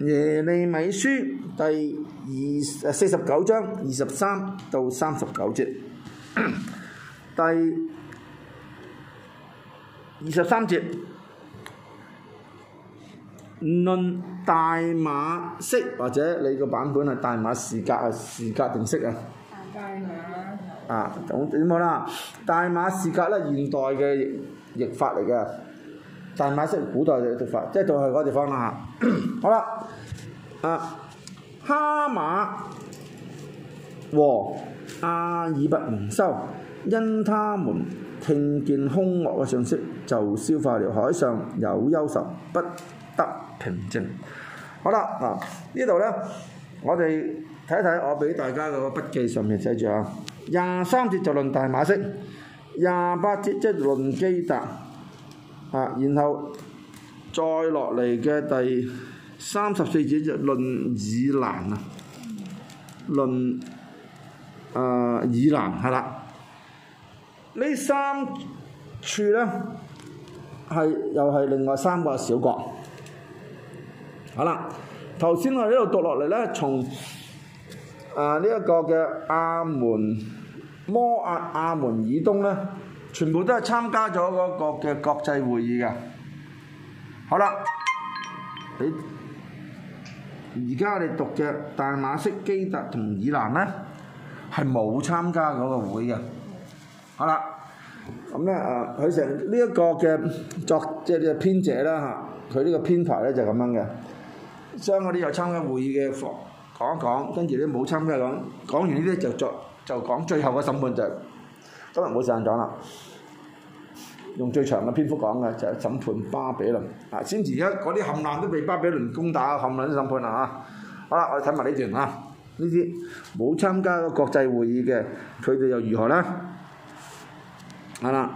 耶利米書第二四十九章二十三到三十九節， 第二十三節論大馬式，或者你個版本係大馬士革啊，士革定式？啊，啊？大馬啊！咁點啦？大馬士革咧，現代嘅譯譯法嚟嘅。大馬式古代嘅讀法，即係到去嗰個地方啦、啊、嚇。好啦，啊，哈馬和亞珥拔蒙羞，因他們聽見兇惡嘅信息，就消化了，海上有憂愁，不得平靜。好啦，嗱、啊，呢度咧，我哋睇一睇我俾大家個筆記上面寫住啊，廿三節就論大馬式，廿八節即、就是、論基達。啊，然後再落嚟嘅第三十四節就論以攔啊，論啊、呃、以攔係啦，呢三處呢係又係另外三個小國。好啦，頭先我喺呢度讀落嚟呢，從啊呢一個嘅亞門、摩押、亞門、以東呢。全部都係參加咗嗰個嘅國際會議嘅。好啦，你而家你哋讀嘅大馬色基達同以攔咧，係冇參加嗰個會嘅。好啦，咁咧誒，佢成呢一個嘅作即係編者啦，佢呢個編排咧就咁樣嘅，將嗰啲有參加會議嘅講一講，跟住啲冇參加講，講完呢啲就作就講最後嘅審判就。今日冇時間講啦，用最長嘅篇幅講嘅就係、審判巴比倫啊，先至而家嗰啲冚唪唥都被巴比倫攻打冚唪唥先審判啊嚇。好、啊、啦，我哋睇埋呢段啊，呢啲冇參加過國際會議嘅，佢哋又如何咧？係、啊、啦，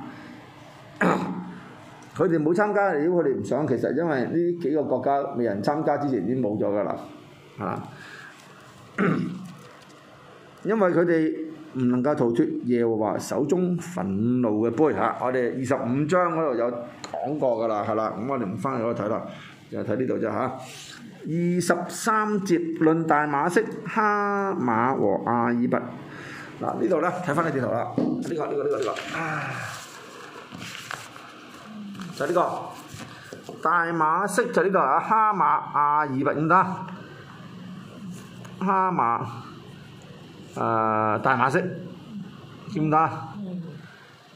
佢哋冇參加，如果佢哋唔想，其實因為呢幾個國家未人參加之前已經冇咗㗎啦，係、啊啊啊、因為佢哋。唔能夠逃出耶和華手中憤怒嘅杯嚇，我哋二十五章嗰度有講過噶啦，係啦，咁我哋唔翻去嗰度睇啦，就睇呢度啫嚇。二十三節論大馬色、哈馬和亞珥拔，嗱呢度咧，睇翻啲地圖啦，呢個呢個呢個呢個，就呢個大馬色就呢度啊，哈馬、亞珥拔咁啦，哈馬。誒大馬色見唔到啊？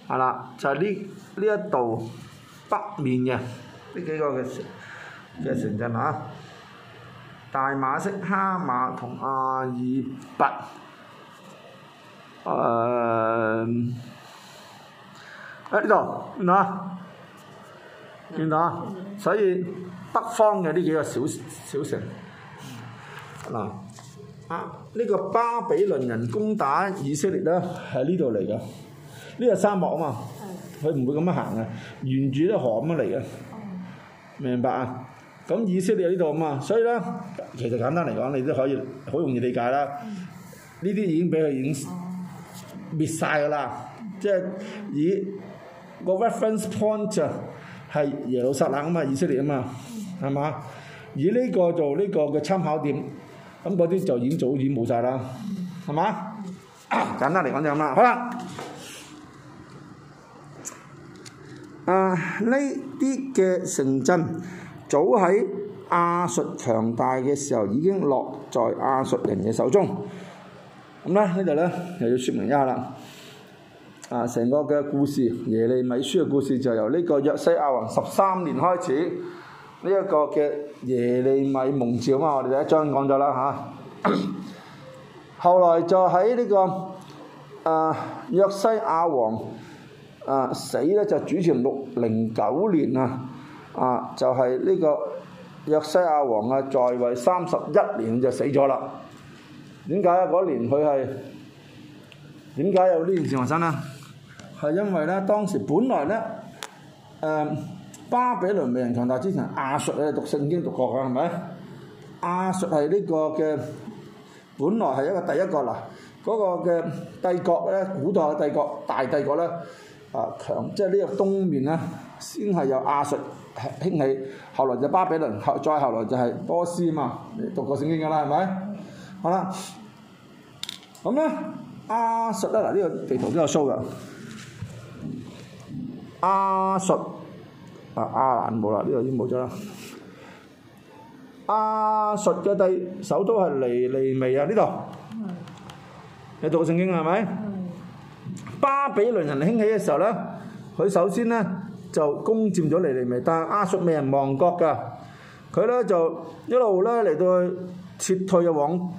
係啦，就係呢呢一度北面嘅呢幾個嘅嘅城鎮嚇，大馬色、哈馬同阿爾拔誒喺呢度，嗱見唔到啊？所以北方嘅呢幾個小小城嗱。啊！呢、這個巴比倫人攻打以色列咧，喺呢度嚟㗎。呢、這個沙漠啊嘛，佢唔的會咁樣行嘅，沿住啲河咁樣嚟嘅。哦、明白啊？咁以色列喺呢度啊嘛，所以咧，其實簡單嚟講，你都可以好容易理解啦。呢啲、嗯、已經俾佢已經滅晒㗎啦。嗯、即係以、這個 reference point 係耶路撒冷啊嘛，以色列啊嘛，係嘛、嗯？嗯、以呢個做呢個嘅參考點。咁嗰啲就已經早已冇晒啦，係嘛？簡單嚟講就咁啦。好啦，啊呢啲嘅城鎮早喺亞述強大嘅時候已經落在亞述人嘅手中。咁咧，呢度咧，又要說明一下啦。啊，成個嘅故事，耶利米書嘅故事就由呢個約西亞王十三年開始呢一個嘅。耶利米蒙召啊，我哋第一章講咗啦吓，後來就喺呢、這個啊約西亞王啊死咧，就主前六零九年啊，啊就係、是、呢個約西亞王啊在位三十一年就死咗啦。點解啊？嗰年佢係點解有呢件事發生啊？係因為咧，當時本來咧，誒、啊。巴比倫未能強大之前，亞述你哋讀聖經讀過嘅係咪？亞述係呢個嘅，本來係一個第一個嗱，嗰、那個嘅帝國咧，古代嘅帝國、大帝國咧，啊強，即係呢個東面咧，先係有亞述興起，後來就巴比倫，後再後來就係波斯嘛，讀過聖經嘅啦係咪？好啦，咁咧亞述咧嗱，呢、這個地圖都有 show 嘅亞述。啊！亞蘭冇啦，呢度已經冇咗啦。亞述嘅第首都係尼尼微啊，呢度你讀聖經係咪？巴比倫人興起嘅時候咧，佢首先咧就攻佔咗尼尼微，但係亞述未人亡國㗎。佢咧就一路咧嚟到撤退啊，往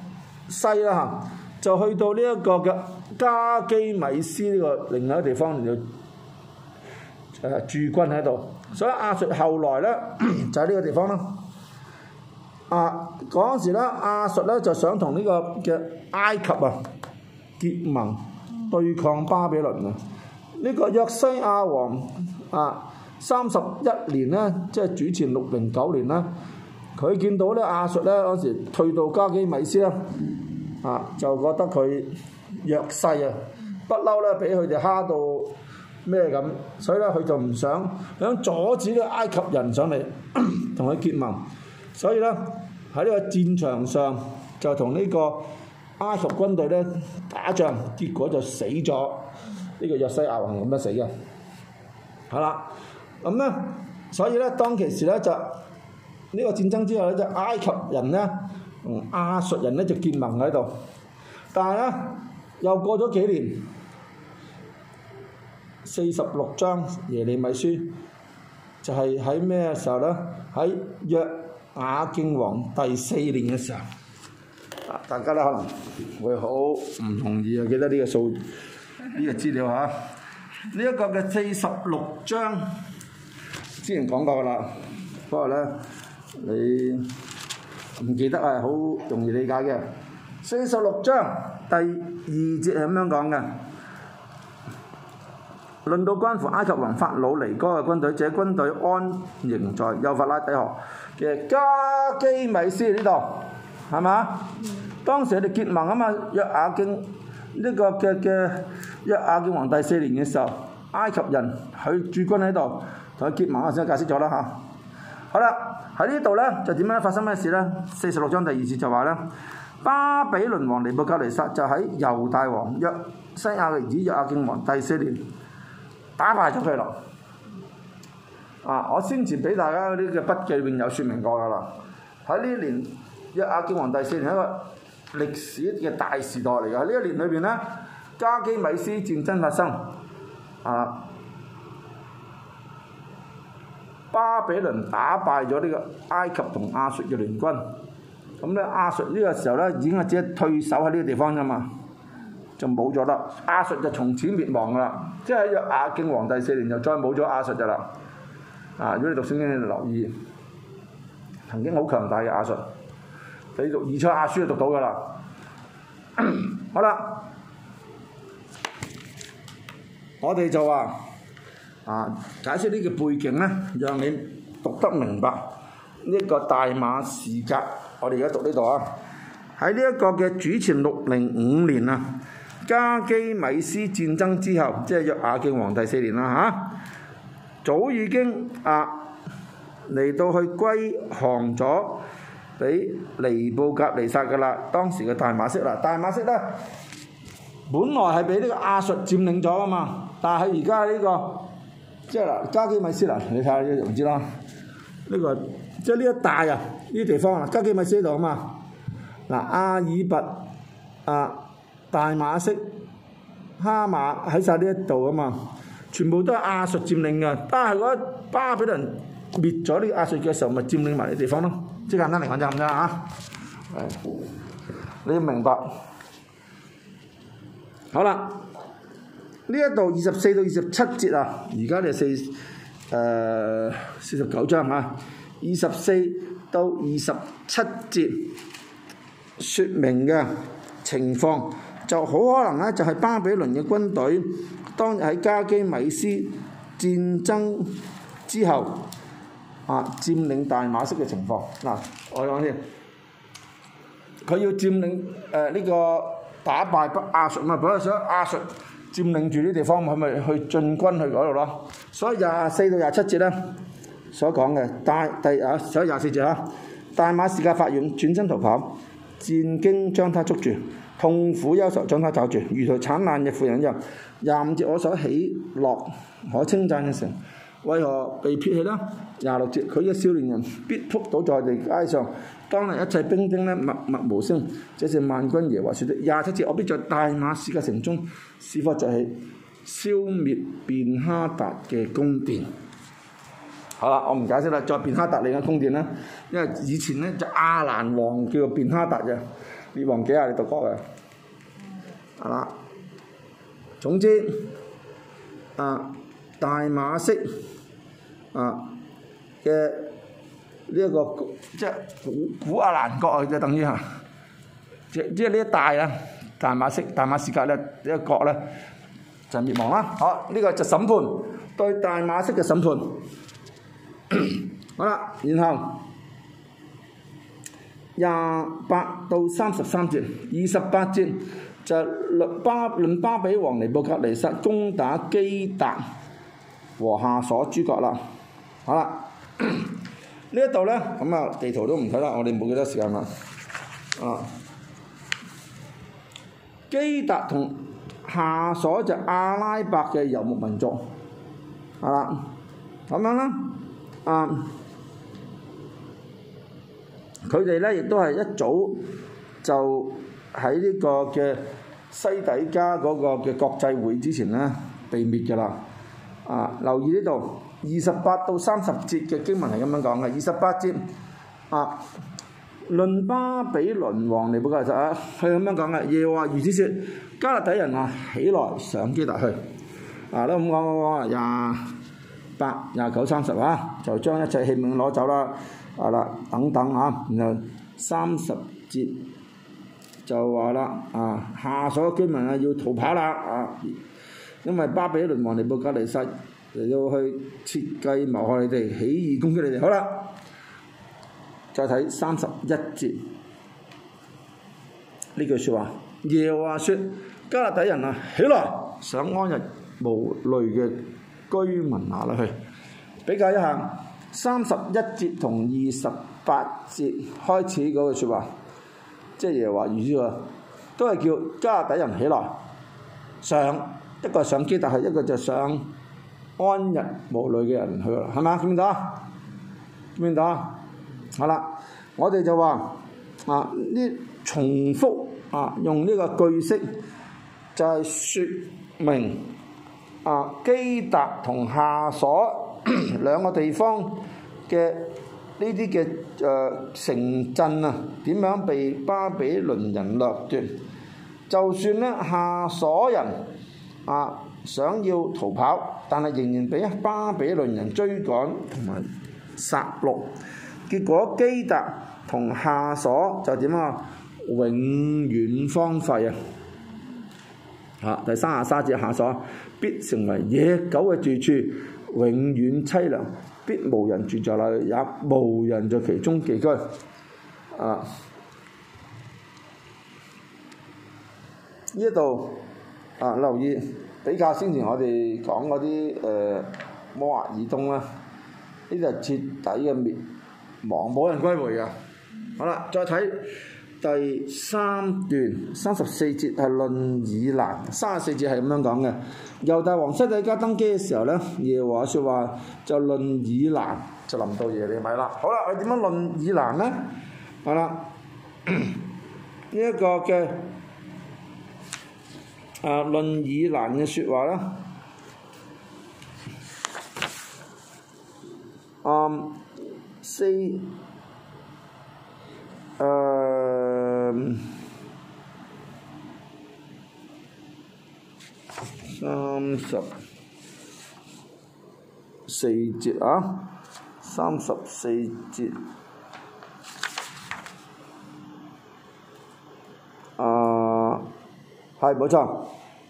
西啦行，就去到呢一個嘅加基米斯呢個另外一個地方，就誒駐軍喺度。所以亞述後來咧就喺呢個地方啦。啊，嗰陣時咧亞述咧就想同呢個叫埃及啊結盟對抗巴比倫啊。呢個約西亞王啊三十一年咧，即係主前六零九年啦。佢見到咧亞述咧嗰時退到加基米斯啦、啊，啊就覺得佢弱勢啊，不嬲咧俾佢哋蝦到。咩咁？所以咧，佢就唔想想阻止呢埃及人上嚟同佢結盟。所以咧，喺呢個戰場上就同呢個埃及軍隊咧打仗，結果就死咗。呢、這個約西亞王咁樣死嘅，係啦。咁 咧、嗯，所以咧，當其時咧就呢個戰爭之後咧，就埃及人咧同亞述人咧就結盟喺度。但係咧，又過咗幾年。四十六章耶利米書就係喺咩嘢時候呢？喺約雅敬王第四年嘅時候，大家咧可能會好唔同意啊！記得呢個數呢、呢個資料嚇，呢一個嘅四十六章之前講過啦，不過咧你唔記得係好容易理解嘅。四十六章第二節係咁樣講嘅。論到關乎埃及王法老尼哥嘅軍隊，這軍隊安營在幼發拉底河嘅加基米斯呢度，係嘛？當時佢哋結盟啊嘛、這個這個這個，約亞敬呢個嘅嘅約亞敬王第四年嘅時候，埃及人佢駐軍喺度同佢結盟，我先解釋咗啦吓，好啦，喺呢度咧就點樣發生咩事咧？四十六章第二節就話咧，巴比倫王尼布甲尼撒就喺猶大王約西亞嘅兒子約亞敬王第四年。打敗咗佢咯！啊，我先前畀大家呢啲嘅筆記裏邊有説明過噶啦。喺呢一年，一亞基皇帝四年，係一個歷史嘅大時代嚟噶。呢一年裏邊呢，加基米斯戰爭發生，啊，巴比倫打敗咗呢個埃及同亞述嘅聯軍。咁咧，亞述呢個時候咧已經係只退守喺呢個地方啫嘛。就冇咗啦！阿術就從此滅亡啦。即係約阿敬皇帝四年就再冇咗阿術就啦、啊。如果你讀聖經，你就留意曾經好強大嘅阿術，你讀二冊阿書就讀到㗎喇。 好啦，我哋就話啊，解釋呢個背景呢，讓你讀得明白呢、這個大馬士革。我哋而家讀呢度啊，喺呢一個嘅主前六零五年啊。加基米斯戰爭之後，即係約亞敬皇帝四年啦嚇、啊，早已經啊嚟到去歸降咗俾尼布甲尼撒嘅啦。當時嘅大馬色啦，大馬色咧，本來係俾呢個亞述佔領咗啊嘛，但係而家呢個即係啦，加基米斯啦，你睇下呢唔知啦，呢個即係呢一帶啊呢啲地方啊，加基米斯度啊嘛，嗱，阿爾拔啊。大馬色、哈馬喺曬呢一度啊嘛，全部都係亞述佔領嘅，但係嗰巴比倫滅咗呢個亞述嘅時候，咪佔領埋啲地方咯。即係簡單嚟講，就咁啫嚇。係，你要明白。好啦，呢一度二十四到二十七節啊，而家就四誒四十九章嚇，二十四到二十七節，説明嘅情況。就好可能咧，就係巴比倫嘅軍隊當日喺加基米斯戰爭之後啊，佔領大馬色嘅情況嗱、啊，我講先，佢要佔領誒呢、呃這個打敗不亞述，唔係不亞述亞述佔領住啲地方，佢咪去進軍去嗰度咯。所以廿四到廿七節咧所講嘅，大第啊，所以廿四節啊，大馬色嘅發軟轉身逃跑，戰兢將他捉住。痛苦憂愁將他抓住，如同產難嘅婦人一樣。廿五節，我所喜樂，可稱讚嘅城，為何被撇棄呢？廿六節，佢嘅少年人必仆倒在地街上，當日一切兵丁咧默默無聲，這是萬軍耶和華説的。廿七節，我必在大馬士革城中，使火就係消滅便哈達嘅宮殿。好啦，我唔解釋啦，再便哈達另一個宮殿啦，因為以前呢，就亞蘭王叫做便哈達嘅。你忘記下？你讀過嘅，係啦。總之，啊大馬色啊嘅呢個古，古古阿蘭國啊，就等於嚇。即係呢一帶啦，大馬色、大馬士革咧呢個國呢，就滅亡啦。好，呢個就審判對大馬色嘅審判。 好啦，然後。廿八到三十三節，二十八節就是、律巴論巴比王尼布甲尼撒攻打基達和夏瑣諸國啦。好啦， 呢一度咧，咁啊地圖都唔使啦，我哋冇幾多時間啦。啊，基達同夏瑣就阿拉伯嘅遊牧民族，好啦，咁樣啦，啊、嗯。佢哋咧亦都係一早就喺呢個嘅西底家嗰個嘅國際會之前咧被滅㗎啦。啊，留意呢度二十八到三十節嘅經文係咁樣講嘅。二十八節啊，論巴比倫王嚟，不過其實啊，佢咁樣講嘅，耶和華如此説，迦勒底人啊起來上基達去。啊，都咁講講講啊，廿八、廿九、三十啊，就將一切器皿攞走啦。啊啦～等等嚇，然後三十節就話啦，啊，下所居民啊要逃跑啦，啊，因為巴比倫王尼布格利塞嚟到去設計謀害你哋，起意攻擊你哋。好啦，再睇三十一節呢句説話，耶和華説：加勒底人啊，起來，想安逸無慮嘅居民拿、啊、落去？比較一下三十一節同二十。八節開始嗰個説話，即係話語喎，都係叫加底人起來上一個上基達，但係一個就上安逸無慮嘅人去，係咪啊？見唔見到啊？見唔見到啊？好啦，我哋就話啊，呢重複啊，用呢個句式就係説明啊基達同夏瑣兩個地方嘅。呢啲嘅誒城鎮啊，點樣被巴比倫人掠奪？就算咧夏瑣人啊想要逃跑，但係仍然俾巴比倫人追趕同埋殺戮。結果基達同夏瑣就點啊？永遠荒廢啊！嚇、啊，第三十三節夏瑣、啊、必成為野狗嘅住處，永遠淒涼。必無人住在那裡，也無人在其中寄居。啊，呢度啊，留意，比較先前我哋講嗰啲誒摩押以東啦，呢就徹底嘅滅亡，冇人歸回嘅。好啦，再睇。第三段三十四節係論以攔，三十四節係咁樣講嘅。猶大王西底家登基嘅時候咧，耶和華説話就論以攔，就臨到耶利米啦。好啦，佢點樣論以攔咧？係啦，呢一、 這個嘅誒、呃、論以攔嘅説話啦，啊、嗯，先誒。呃三、三十四節啊！三十四節啊，係冇錯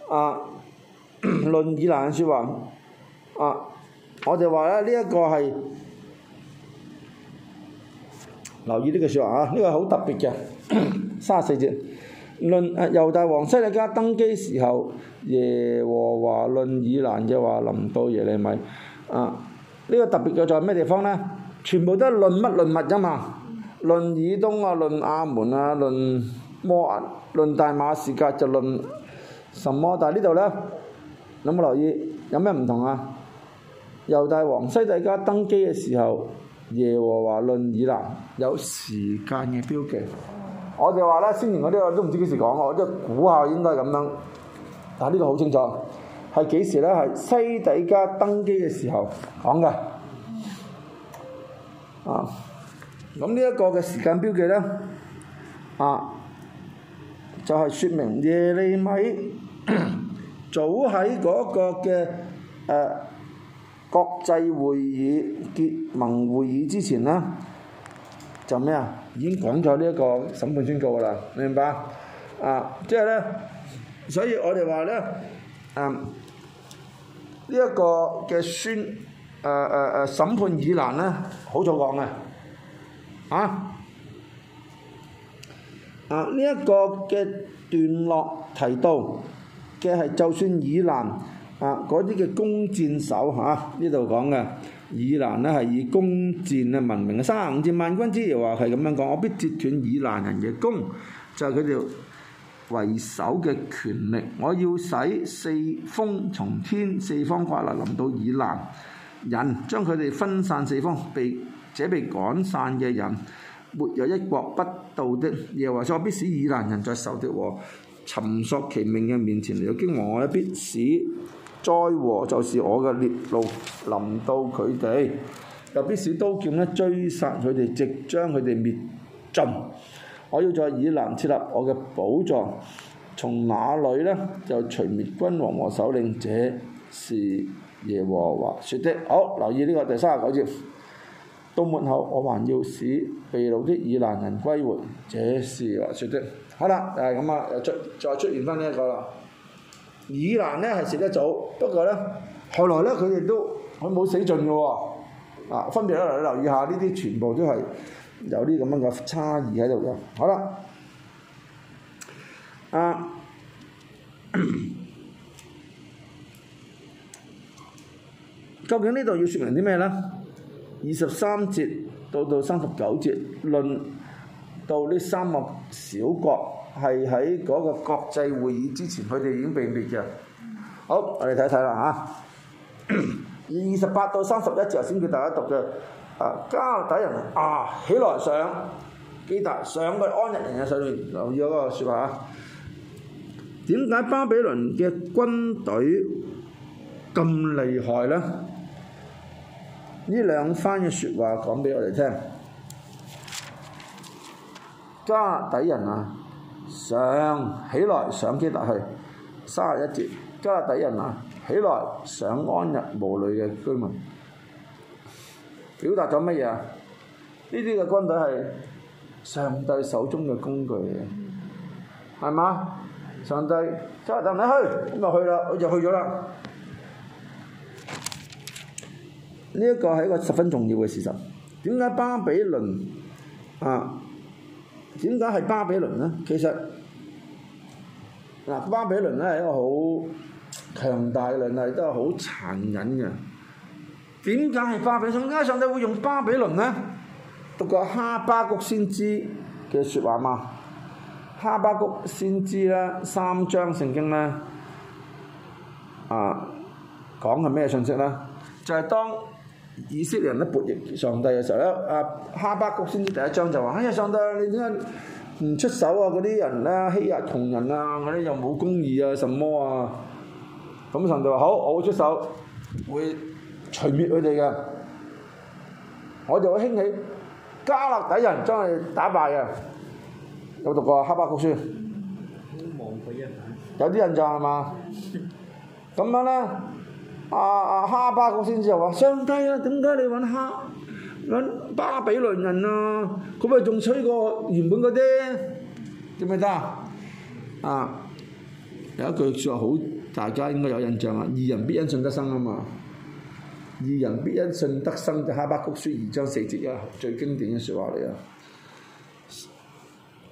啊，《論 以攔》嘅説話啊，我就話咧呢一個係留意呢個説話啊，呢、呢個好特別嘅。 三十四節，論誒猶大王西底家登基時候，耶和華論以攔嘅話臨到耶利米，啊，呢、這個特別嘅在咩地方呢？全部都係論乜論物啫嘛，論以東啊，論亞捫啊，論摩押，論大馬士革就論什麼，但係呢度呢，有冇留意有咩唔同啊？猶大王西底家登基嘅時候，耶和華論以攔有時間嘅標記。我哋話咧，先前嗰啲我都唔知幾時講，我即估下應該係咁樣。但係呢個好清楚，係幾時咧？係西底加登基嘅時候講嘅。啊，咁呢一個嘅時間標記咧，啊，就係、是、說明耶利米 早喺嗰個嘅誒、呃、國際會議結盟會議之前啦。就咩啊？已經講咗呢一個審判宣告啦，明唔明白？啊，即係咧，所以我哋話咧，嗯、啊，呢、這、一個嘅宣誒誒誒審判以攔咧，好早講嘅，嚇！啊，呢、啊、一、這個嘅段落提到嘅係、就是、就算以攔啊，嗰啲嘅弓箭手嚇呢度講嘅。啊。以攔咧係以弓箭咧聞名嘅，三十五節，萬軍之耶和華話係咁樣講，我必截斷以攔人嘅弓，就係佢哋為首嘅權力。我要使四風從天，四方颳嚟臨到以攔人，將佢哋分散四方，被這被趕散嘅人沒有一國不到的。耶和華說：我必使以攔人在仇敵和尋索其命嘅面前嚟到驚惶，我必使災禍就是我嘅烈怒臨到佢哋，又必使刀劍咧追殺佢哋，直將佢哋滅盡。我要在以攔設立我嘅寶藏，從那裏呢就除滅君王和首領。這是耶和華說的。好，留意呢、這個第三十九節。到門口我，我還要使被擄的以攔人歸回。這是話說的。好啦，係咁啊，又出再出現翻呢一個啦。以攔呢係死得早，不過呢，後來呢，佢哋都佢冇死盡嘅喎。啊，分別咧你留意下呢啲全部都係有啲咁樣嘅差異喺度嘅。好啦，啊，究竟呢度要説明啲咩呢？二十三節到到三十九節論到呢三個小國，係喺嗰個國際會議之前，佢哋已經被滅嘅。好，我哋睇睇啦吓，二十八到三十一節，頭先叫大家讀嘅。啊，迦底人啊，起來上，基達上去安逸人嘅上面，留意嗰個説話啊。點解巴比倫嘅軍隊咁厲害呢？呢兩番嘅説話講俾我哋聽，迦底人啊！上，起來上基達去。三十一節，迦勒底人啊，起來上安日無慮嘅居民，表達咗乜嘢啊？呢啲嘅軍隊係上帝手中嘅工具嚟，嘅，係嘛？上帝即係叫你去咁就去啦，我就去咗啦。呢一個係一個十分重要嘅事實。點解巴比倫啊？點解係巴比倫呢？其實嗱，巴比倫咧係一個好強大嘅能力，都係好殘忍嘅。點解係巴比倫？再加上你會用巴比倫咧，讀過哈巴谷先知嘅説話嘛。哈巴谷先知咧，三章聖經咧，啊，講係咩信息咧？就係當。以色列人咧悖逆上帝嘅時候咧，啊，哈巴谷先至第一章就話：哎呀，上帝，你點解唔出手啊？嗰啲人咧欺壓、啊、窮人啊，嗰啲又冇公義啊，什麼啊？咁上帝話：好，我會出手，會除滅佢哋嘅，我就會興起迦勒底人將佢打敗嘅。有冇讀過《哈巴谷》書？ 有啲印象人就係嘛，咁樣咧。啊，阿哈巴谷先至就話：上帝啊，點解你揾哈揾巴比倫人啊？咁咪仲吹過原本嗰啲點解得啊？有一句説話說好，大家應該有印象啊！二人必因信得生啊嘛！二人必因信得生，就「哈巴谷書二章四節啊，最經典嘅説話嚟啊！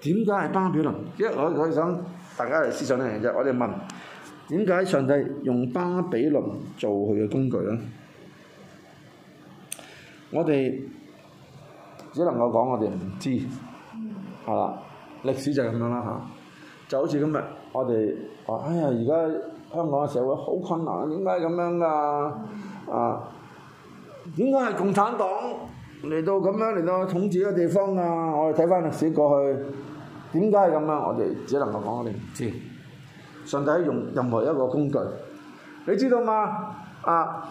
點解係巴比倫？因為我我想大家嚟思想呢，就我哋問。點解上帝用巴比倫做佢嘅工具呢？我哋只能夠講我哋唔知，好啦、嗯，歷史就係咁樣啦嚇、啊。就好似今日我哋話：哎呀，而家香港嘅社會好困難，點解咁樣㗎？啊，點解係共產黨嚟到咁樣嚟到統治嘅地方㗎、啊？我哋睇返歷史過去，點解係咁樣？我哋只能夠講我哋唔知。嗯上帝用任何一個工具，你知道嘛？啊！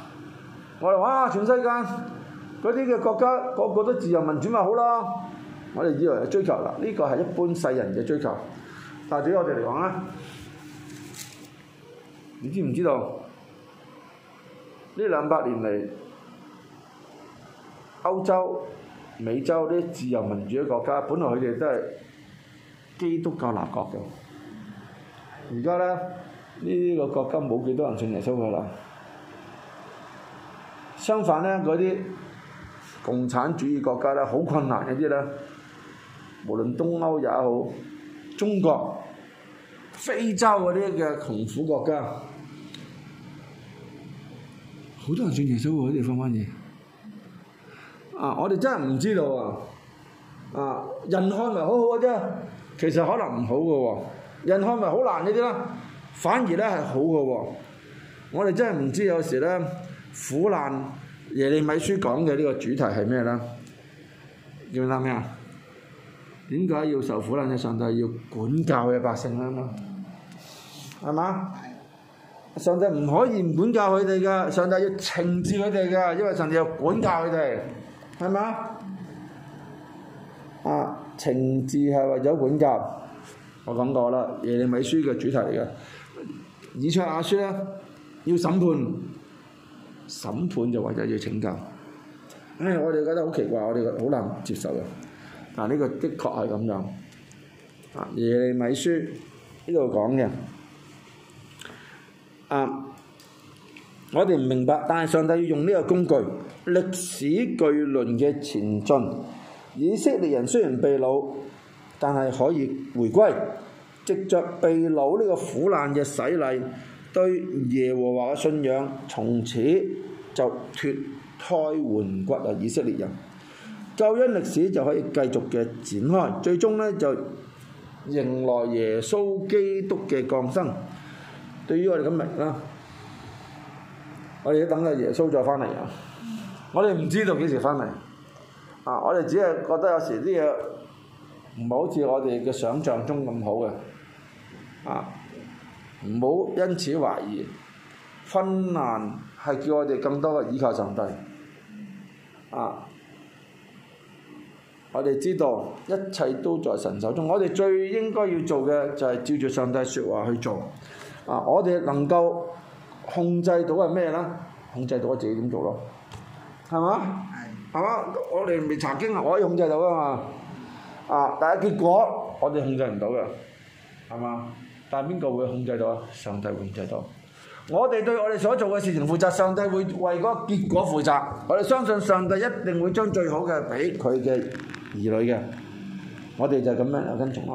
我哋話、啊，全世界嗰啲嘅國家，個個都自由民主咪好咯？我哋以為係追求嗱，呢、這個係一般世人嘅追求，但係對於我哋嚟講咧，你知唔知道？呢兩百年嚟，歐洲、美洲啲自由民主嘅國家，本來佢哋都係基督教立國嘅。而家咧呢、呢個國家冇幾多人信耶穌噶啦，相反呢，嗰啲共產主義國家呢，好困難一啲呢，無論東歐也好、中國、非洲嗰啲嘅窮苦國家，好多人信耶穌喎嗰啲方方嘢。啊！我哋真係唔知道啊！啊，人看咪好好嘅啫，其實可能唔好嘅喎、啊。印行咪好難呢啲咯，反而咧係好嘅喎、哦。我哋真係唔知道，有時咧，苦難，耶利米書講嘅呢個主題係咩啦？要諗咩啊？點解要受苦難嘅，上帝要管教嘅百姓咧？嘛，係嘛？上帝唔可以唔管教佢哋嘅，上帝要懲治佢哋嘅，因為上帝要管教佢哋，係嘛？啊，懲治係為咗管教。我講過啦，《耶利米書》嘅主題嚟嘅，以賽亞書咧要審判，審判就為咗要拯救。唉，我哋覺得好奇怪，我哋好難接受嘅。但呢個的確係咁樣。啊，《耶利米書》呢度講嘅，啊，我哋唔明白，但係上帝要用呢個工具，歷史巨輪嘅前進。以色列人雖然被擄。但係可以回歸，藉着被擄呢個苦難嘅洗禮，對耶和華嘅信仰，從此就脫胎換骨啊！以色列人，救恩歷史就可以繼續嘅展開，最終呢，就迎來耶穌基督嘅降生。對於我哋今日啦，我哋都等啊耶穌再翻嚟啊！我哋唔知道幾時翻嚟啊！我哋只係覺得有時啲嘢。唔係好似我哋嘅想像中咁好嘅，啊！唔好因此懷疑，困難係叫我哋更多嘅依靠上帝，啊！我哋知道一切都在神手中，我哋最應該要做嘅就係照住上帝説話去做，啊！我哋能夠控制到係咩咧？控制到我自己點做咯，係嘛？係的，係嘛、啊？我哋未曾經我可以控制到啊嘛？啊！但係結果，我哋控制唔到嘅，係嘛？但係邊個會控制到啊？上帝會控制到。我哋對我哋所做嘅事情負責，上帝會為嗰個結果負責。我哋相信上帝一定會將最好嘅俾佢嘅兒女嘅。 我哋就咁樣有跟從咯、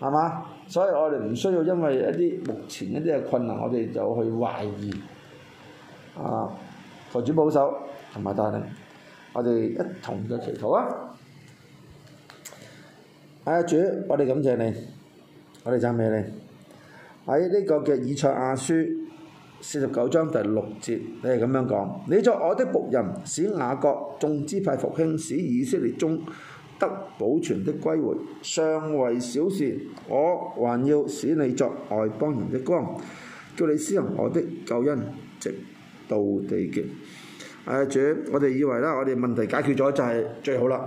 啊。係。係嘛？所以我哋唔需要因為一啲目前一啲嘅困難，我哋就去懷疑。啊！佛主保守同埋帶領，我哋一同嘅祈禱啊！阿、哎、主，我哋感謝你，我哋讚美你。喺呢個嘅以賽亞書四十九章第六節，你係咁樣講：你作我的僕人，使雅各眾支派復興，使以色列中得保存的歸回。尚為小事，我還要使你作外邦人的光，叫你施行我的救恩，直到地極。阿主，我哋以為啦，我哋問題解決咗就係、是、最好啦。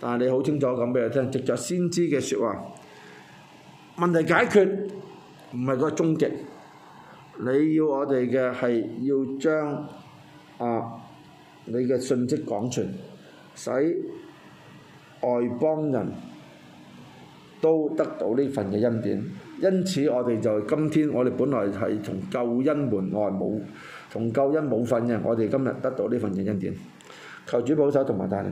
但係你好清楚講俾佢聽，藉著先知嘅説話，問題解決唔係個終極，你要我哋嘅係要將啊你嘅信息廣傳，使外邦人都得到呢份嘅恩典。因此我哋就今天，我哋本來係從救恩門外冇，從救恩冇份嘅，我哋今日得到呢份嘅恩典。求主保守同埋帶領。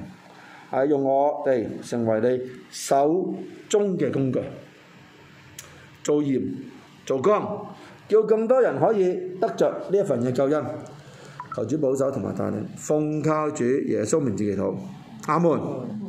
係用我哋成為你手中嘅工具，做鹽做光，叫咁多人可以得着呢一份嘅救恩。求主保守同埋帶領，奉靠主耶穌名字祈禱，阿門。